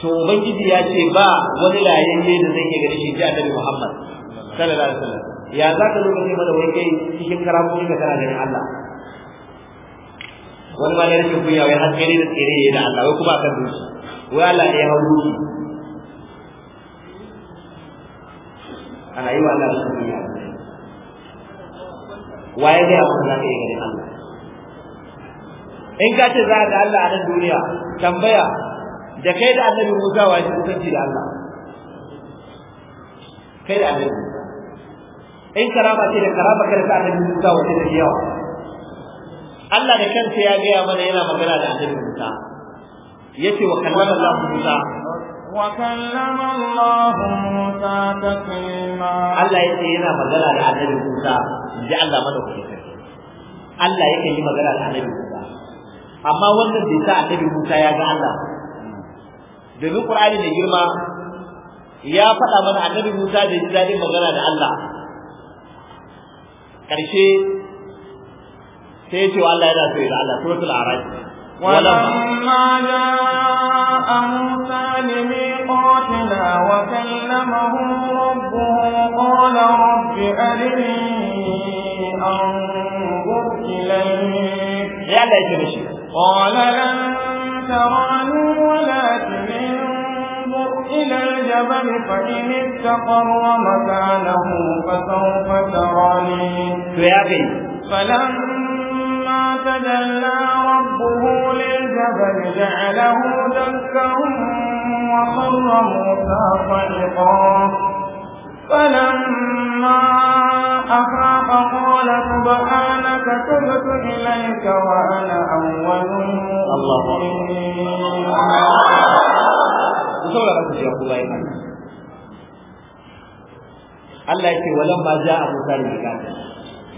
to ubangiji ya ce ba wani ne da zai iya gani shi ji annabi Muhammad sallallahu alaihi wasallam ya za ka zo ka ce mana wai kai cikin karamomi ka kana ganin Allah wani ma ya rike kuya wai har tsere da tsere ya da Allah wai kuma akan dushi wai Allah ya hau dushi ana yi wa Allah da kuya waye ne abin da ka yi ganin Allah in ka ce za ka ga Allah a nan duniya tambaya da kai da annabi Musa wa shi kusanci da Allah kai da annabi Musa in karama ce da karama kai da annabi Musa wace da yawa Allah da kansa ya gaya mana yana magana da annabi Musa yace wa kallama Allah Musa wa kallama Allah Musa taklima Allah yace yana magana da annabi Musa ji Allah mana kuɗi Allah yake yi magana da annabi Musa amma wannan bai sa annabi Musa ya ga Allah domin qur'ani da girma ya faɗa mana annabi Musa da ji dadin magana da Allah karshe sai ya ce Allah yana so ya Allah suratul a'raf walamma jaa Musa ولما جاء موسى لميقاتنا وكلمه ربه قال رب ya أنظر shi qala la فإن استقر مكانه فسوف تراني فلما تدلى ربه للجبل جعله دكا وخر موسى صعقا فلما أفاق قال سبحانك تبت إليك وأنا أول المؤمنين الله أكبر Allah yake walan ma ja Abu Talib bikata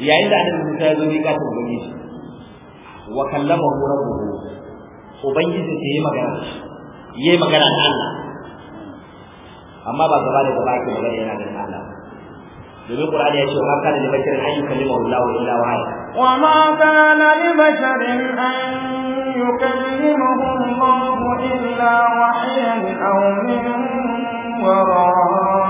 yayin da Annabi Musa ya zo bikata gobe shi wa kallamahu rabbuhu ubangiji sai ya magana shi yayi magana da Allah amma ba gaba da gaba ke magana yana da Allah domin Qur'ani ya ce wa kana li basharin an yukallima Allah illa wahya wa ma kana li basharin an yukallimahu Allah illa wahyan aw min wara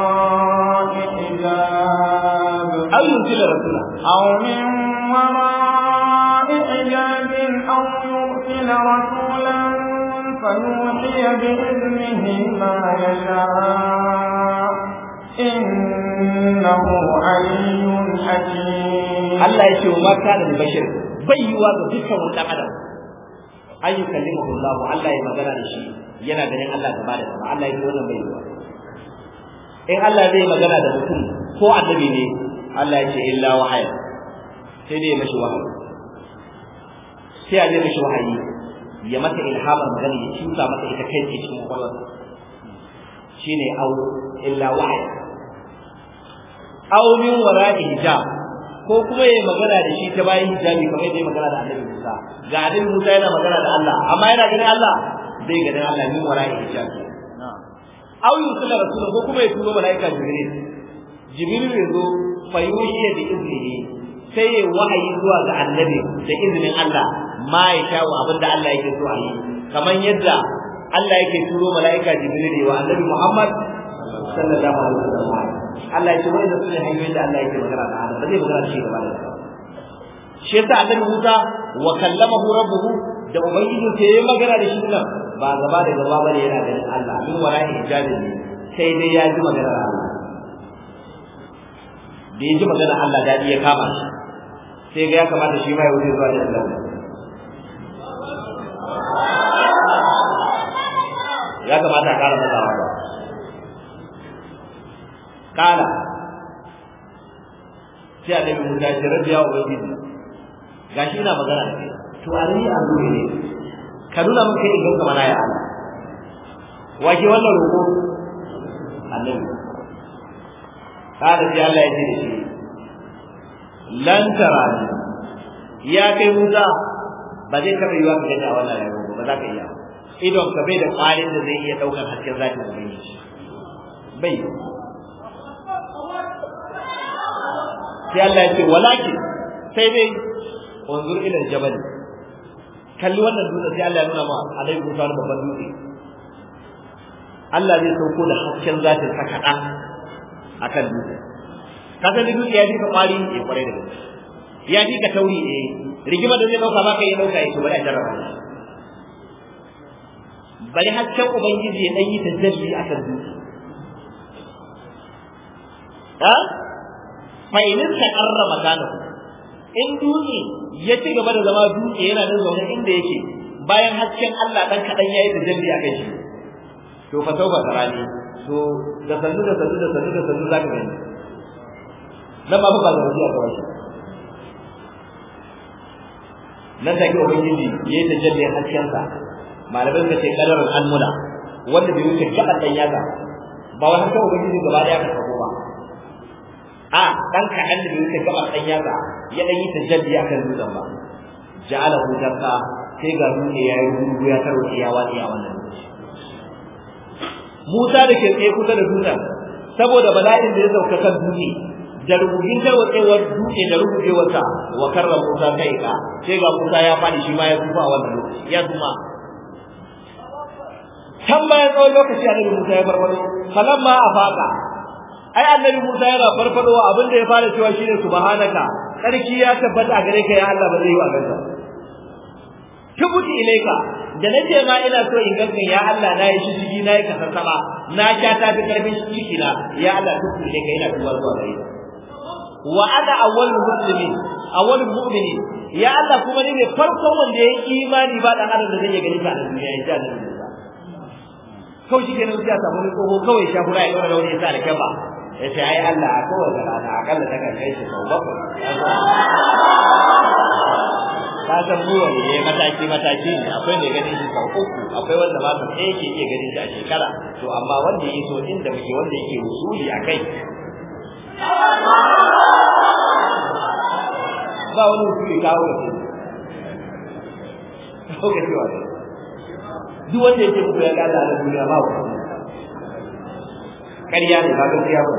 أو ينزل رسولا أو من وراء حجاب أو يرسل رسولا فيوحي بإذنه ما يشاء إنه علي حكيم الله يشوف ما كان البشر بيوا ذكر الأمل an yi kallimahu Allah Allah ya magana da shi yana ganin Allah ta bada sama. Allah ya yi wannan bai in Allah zai magana da mutum ko annabi ne Allah ya ce illa wahaya sai dai mashi wahayi sai a zai mashi wahayi ya masa ilhamar magana ya cuta masa ita kai ke cikin kwakwalwarsa shine au illa wahaya au min wara'i hijab ko kuma yayi magana da shi ta bayan hijabi kamar yadda magana da Annabi Musa ga Annabi Musa yana magana da Allah amma yana ganin Allah bai ganin Allah min wara'i hijabi au yusala rasulun ko kuma ya turo malaika jibril jibril ya zo fa da izini ne, sai ya wahayi zuwa ga annabi da izinin Allah ma ya shawo abin da Allah yake so a yi kamar yadda Allah yake turo mala'ika Jibril wa annabi Muhammad sallallahu alaihi wasallam Allah yake wanda su ne hanyoyin da Allah yake magana da Adam ba zai magana shi gaba da shi yasa annabi Musa wa kallamahu rabbuhu da ubangiji ke yi magana da shi nan ba gaba da gaba bane yana da Allah min wara'i hijabin sai dai ya ji magana Allah da ya ji magana Allah daɗi ya kama shi sai ga ya kamata shi ma ya wuce zuwa da Allah ya kamata a ƙara maza ba ƙara sai a ɗabi mutu ya ce rabbi ya ubangiji ga shi ina magana da kai to a rai an zuwa ne ka nuna muka yi ganka mana ya Allah wake wannan roƙo annabi kada sai Allah ya ce da shi lan tara ya kai Musa ba zai taɓa yiwa ka gani a wannan rayuwa ba za ka iya idon ka bai da ƙwarin da zai iya ɗaukar hasken zafin da bai bai sai Allah ya ce walakin sai dai wanzur ila jabal kalli wannan dutsen sai Allah ya nuna ma alaihi musa wani babban dutse Allah zai sauko da hasken zafin sa kaɗan akan dutse kasan da dutse ya fi ka kwari ya eh, kwarai da gaske ya fi ka tauri ne eh, rigima da zai dauka ba ka yi dauka ya eh, ce bari a ba. bari har hasken ubangiji ya dan yi tajalli akan dutse ha fa in ta karrama kana in dutse ya ci gaba da zama dutse yana da zaune inda yake bayan hasken Allah dan kadan yayi a akan shi to fa tauba tarani So, da sannu da sannu da sannu da sannu za ka gani nan ma ba zargi a kawai nan da ke ubangiji ya yi tajalli sa malamai ka ce kadarin almuna wanda bai wuce gaban dan yaga ba wani hasken ubangiji gaba ɗaya ka sako ba a ɗan ka da bai wuce gaban dan yaga ya ɗan yi tajalli a kan dutsen ba ja'ala hutarka sai ga dutse ya yi gudu ya tarwace ya watsi wannan lokaci Musa da ke tsaye kusa da dutsen saboda bala'in da ya sauka kan dutse da rubugin tarwatsewar dutse da rubugewarsa wa karra Musa kai ka sai ga Musa ya fadi shi ma ya tsufa a wannan lokaci ya tsufa can bayan tsawon lokaci a annabi Musa ya farfado a afaka ai annabi Musa yana farfadowa abin da ya fara cewa shine subhanaka sarki ya tabbata a gare ka ya Allah ba zai yi wa gansa tubuti ilaika da na ma ina so in gaskan ya Allah na yi shi na yi kasar sama na sha ta fi karfin ciki na ya Allah duk ne ka ina kuma zuwa gare ka wa ana awwal muslimi awwal mu'mini ya Allah kuma ne farkon wanda ya imani ba dan adam da zai gani ta da duniya ya ji kawai shi kenan sai a samu wani tsoho kawai sha shafura ya ɗora da wani ya sa da kyamba ya ce ai Allah a kowace rana akalla ta kan kai shi sau bakwai ka san mu wani ne mataki mataki ne akwai mai ganin shi sau uku akwai wanda ma sau ɗaya ke iya ganin shi a shekara to amma wanda ya so inda muke wanda yake usuli a kai ba wani usuli kawo da su ka ce wani duk wanda yake muku ya gada da duniya ba wani ƙarya ne ba gaskiya ba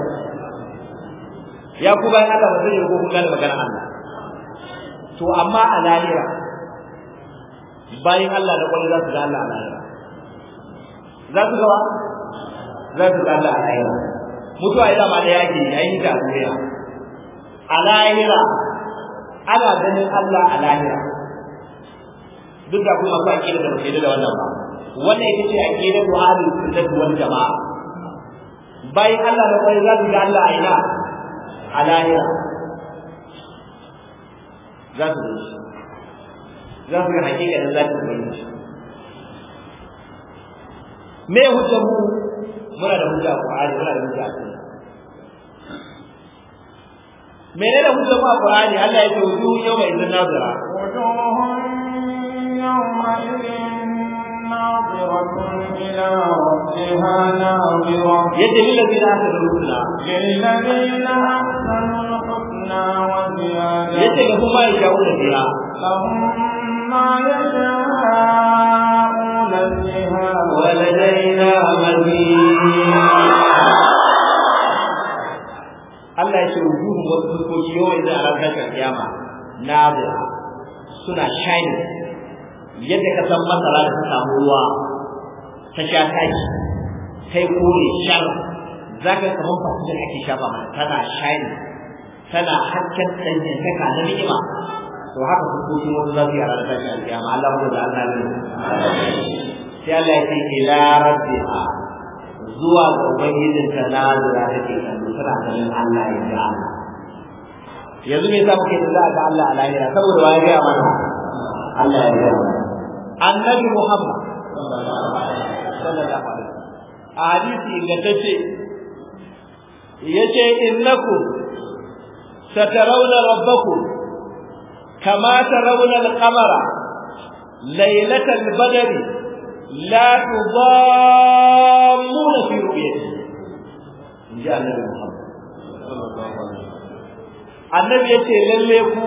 ya ku bayan Allah ba zai ko kun gane maganar Allah to amma a lahira bayan Allah da kwalli za su ga Allah a lahira za su gawa za su ga Allah a lahira mutuwa ya zama da yaki ya yi ta duniya a lahira ana ganin Allah a lahira duk da kuma ba kira da ba da wannan ba wannan ya ce aqidar ahlus sunnah wani jamaa bayan Allah da kwalli za su ga Allah a ina a lahira za su zo shi za ku yi hakika za ku gani shi me hujja mu muna da hujja Qur'ani muna da hujja Sunna menene hujja mu Qur'ani Allah ya ce wujuhu yawma idhin nazira wujuhun yawma idhin يد أحسنوا الحسنى للذين أحسنوا yace da kuma ya shawo da biya ya da waladaina Allah ya ce ruhun wasu fuskoki yau yanzu a ranar kiyama na suna shine yadda ka san masara da ta samu ruwa ta sha taki sai kore shar zaka kamar fasidin ake shafa mana tana shine tana hakkan dangantaka na ni'ima to haka hukuncin wani zafi a ranar tashin alƙiyama Allah mu da Allah ne sai Allah ya ce ila rabbiha zuwa ga ubangijin ta ke take kallo tana ganin Allah ya ji Allah yanzu me yasa muke da ga Allah a lahira saboda wani ya mana Allah ya ji annabi Muhammad sallallahu alaihi wasallam a hadisi ingantacce yace innakum سترون ربكم كما ترون القمر ليلة البدر لا تضامون في رؤيته إن جاء النبي محمد annabi ya lalle ku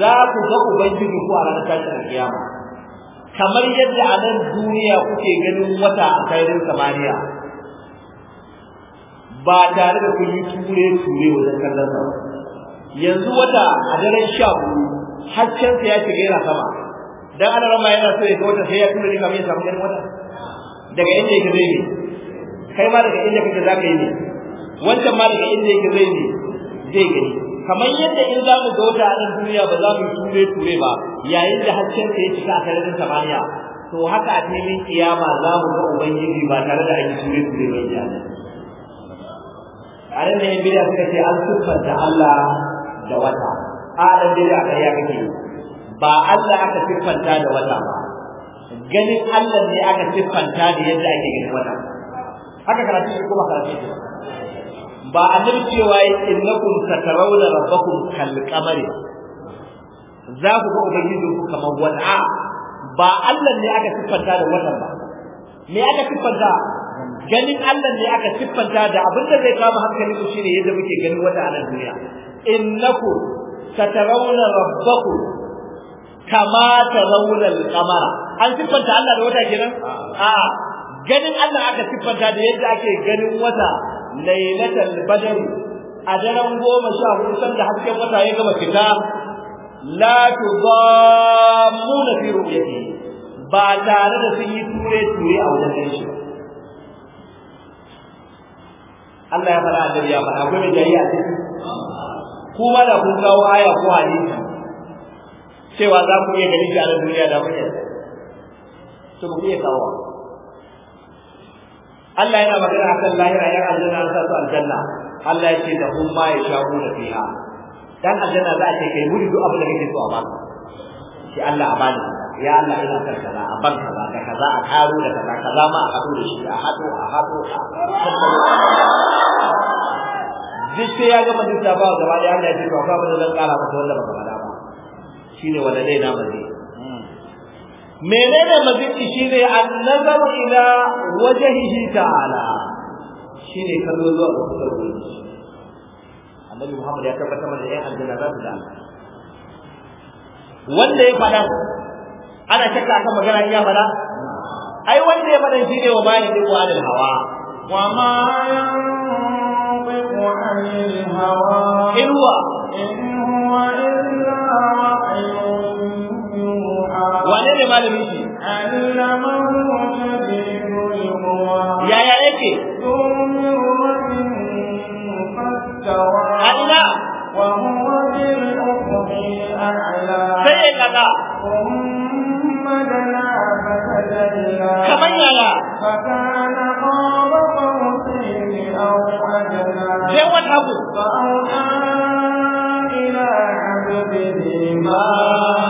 za ku ga ubangiji ku a ranar tashin kiyama kamar yadda a nan duniya kuke ganin wata a sararin samaniya ba tare da kun yi ture ture wajen kallon sa yanzu wata a daren sha biyu haccen sa ya shiga yana sama dan ana rama yana so ya ga wata sai ya tura rika mai samu wata daga inda yake zai ne kai ma daga inda kake za ka yi ne wancan ma daga inda yake zai ne zai gani kamar yadda in za mu ga wata a nan duniya ba za mu ture ture ba yayin da haccen sa ya shiga a sararin samaniya to haka a filin kiyama za mu ga ubangiji ba tare da an yi ture ture ba a nan ne bida suka ce an siffanta Allah da wata a nan bida a ƙarya kake ba Allah aka siffanta da wata ba ganin Allah ne aka siffanta da yadda ake ganin wata haka karatu shi kuma karatu shi ba annabi cewa innakum satarawna rabbakum kal qamari za ku ga ubangijinku kamar wata ba Allah ne aka siffanta da wata ba me aka siffanta ganin Allah ne aka siffanta da abin da zai kama hankali ku shine yadda muke ganin wata a duniya innakum satarawna rabbakum kama tarawna al-qamara an siffanta Allah da wata kenan a'a ganin Allah aka siffanta da yadda ake ganin wata lailatul badr a daren goma sha hudu sanda hasken wata ya gama fita la tudammuna fi ru'yati ba tare da sun yi ture ture a wajen ganin shi ba Allah ya fara annabi ya fara akwai mai jayayya ce ku ma da kun kawo aya ko hadisi cewa za ku iya gani shi a duniya da kuke to ku iya kawo Allah yana magana akan lahira ya aljanna an sa su aljanna Allah ya ce da kun ma yashabu da fiha dan aljanna za a ce kai muri abin da kake so a ba shi Allah a bani ya Allah ina son kaza a ban kaza da kaza a karo da kaza kaza ma a hado da shi a hado a hado duk sai ya gama duk da ba gaba da Allah ya ce ba ba zan kara maka wanda baka faɗa ba shine wanda dai na mazi menene maziki shine annazaru ila wajhihi ta'ala shine kallo zuwa ga fuskar ubangiji annabi Muhammad ya tabbatar mana da ayyan aljanna za su da Allah wanda ya faɗa ana shakka akan magana iya fada ai wanda ya fada shi ne wa ma yanzu wa hawa wa ma yanzu anil hawa in in huwa illa wane ne malamin shi yake Allah sai ya kaga kaman yaya sai wani abu ba'a ina abu ne ba